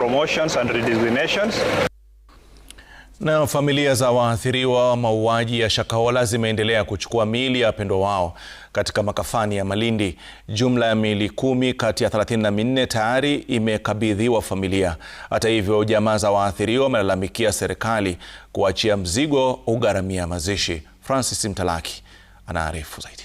promotions and redesignations. Na familia za waathiriwa mauaji ya Shakahola zimeendelea kuchukua miili ya wapendwa wao katika makafani ya Malindi. Jumla ya miili kumi kati ya 34 tayari imekabidhiwa familia. Hata hivyo, jamaa za waathiriwa wamelalamikia serikali kuachia mzigo ugharamia mazishi. Francis Mtalaki anaarifu zaidi.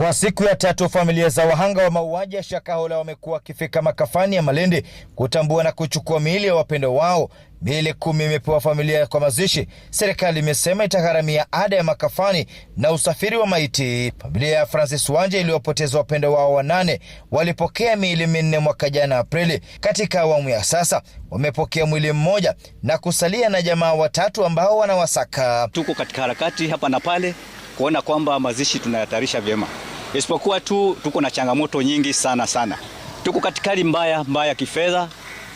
Kwa siku ya tatu familia za wahanga wa mauaji ya Shakahola wamekuwa wakifika makafani ya Malindi kutambua na kuchukua miili ya wapendo wao. Miili kumi imepewa familia kwa mazishi. Serikali imesema itagharamia ada ya makafani na usafiri wa maiti. Familia ya Francis wanje iliyopoteza wapendo wao wanane walipokea miili minne mwaka jana Aprili. Katika awamu ya sasa wamepokea mwili mmoja na kusalia na jamaa watatu ambao wanawasaka. Tuko katika harakati hapa na pale kuona kwamba mazishi tunayatayarisha vyema isipokuwa tu tuko na changamoto nyingi sana sana. Tuko katika hali mbaya mbaya kifedha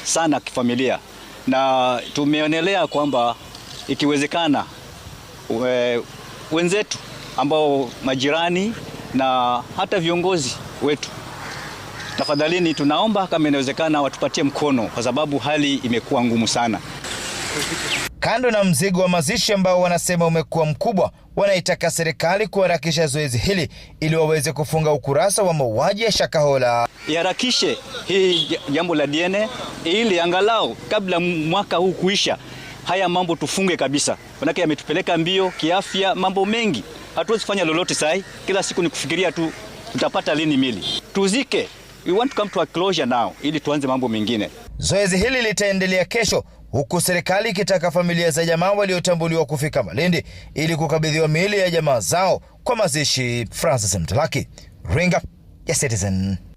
sana, kifamilia, na tumeonelea kwamba ikiwezekana we, wenzetu ambao majirani na hata viongozi wetu, tafadhalini, tunaomba kama inawezekana watupatie mkono, kwa sababu hali imekuwa ngumu sana. Kando na mzigo wa mazishi ambao wanasema umekuwa mkubwa, wanaitaka serikali kuharakisha zoezi hili ili waweze kufunga ukurasa wa mauaji ya Shakahola. Iharakishe hii jambo la DNA ili angalau kabla mwaka huu kuisha, haya mambo tufunge kabisa, manake yametupeleka mbio kiafya, mambo mengi hatuwezi kufanya lolote sai. Kila siku ni kufikiria tu tutapata lini mili tuzike. We want to come to a closure now ili tuanze mambo mengine. Zoezi hili litaendelea kesho huku serikali ikitaka familia za jamaa waliotambuliwa kufika Malindi ili kukabidhiwa miili ya jamaa zao kwa mazishi. Francis Mtalaki, Ringa ya Citizen.